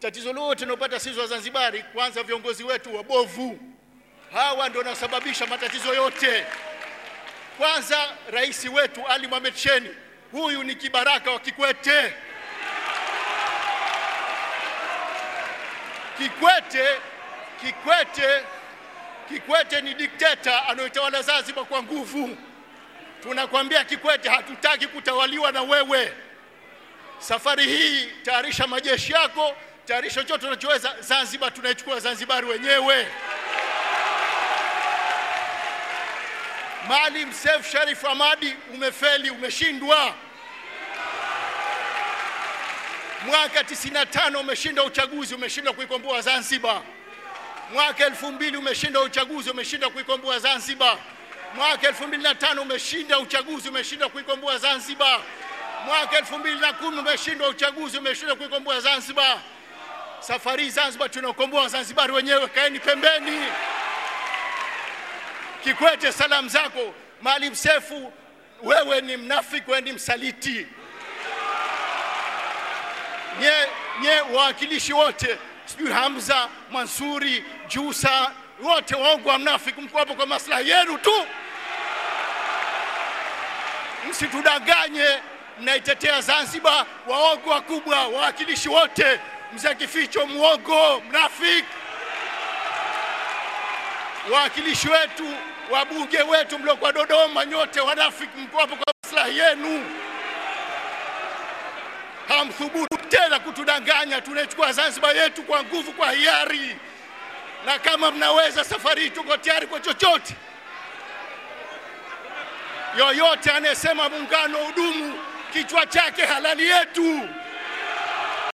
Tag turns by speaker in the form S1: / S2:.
S1: Tatizo lote tunapata sisi Wazanzibari, kwanza viongozi wetu wabovu, hawa ndio wanasababisha matatizo yote. Kwanza rais wetu Ali Mohamed Shein, huyu ni kibaraka wa Kikwete. Kikwete, Kikwete, Kikwete ni dikteta anayetawala Zanzibar kwa nguvu. Tunakwambia Kikwete, hatutaki kutawaliwa na wewe. Safari hii tayarisha majeshi yako tayarisho chote tunachoweza Zanzibar tunaichukua Zanzibari wenyewe. Maalim Seif Sharif amadi umefeli, umeshindwa mwaka 95 umeshinda uchaguzi, umeshindwa kuikomboa Zanzibar. Mwaka elfu umeshinda uchaguzi, umeshindwa kuikomboa Zanzibar. Mwaka 2005 umeshinda uchaguzi, umeshindwa kuikomboa Zanzibar. Mwaka 2010 umeshindwa uchaguzi, umeshindwa kuikomboa Zanzibar. Safari Zanzibar tunakomboa Wazanzibari wenyewe, kaeni pembeni. Kikwete, salamu zako. Maalim Sefu, wewe ni mnafiki, wewe ni msaliti. Nye, nye wawakilishi wote sijui Hamza Mansuri Jusa wote waongo wa mnafiki, mko hapo kwa maslahi yenu tu, msitudanganye. Mnaitetea Zanzibar, waongo wakubwa, wawakilishi wote mza kificho, mwogo mnafiki. Wawakilishi wetu, wabunge wetu mliokuwa Dodoma, nyote wanafiki, mko hapo kwa maslahi yenu. Hamthubutu tena kutudanganya. Tunachukua Zanzibar yetu kwa nguvu, kwa hiari, na kama mnaweza, safari hii tuko tayari kwa chochote. Yoyote anayesema muungano udumu, kichwa chake halali yetu.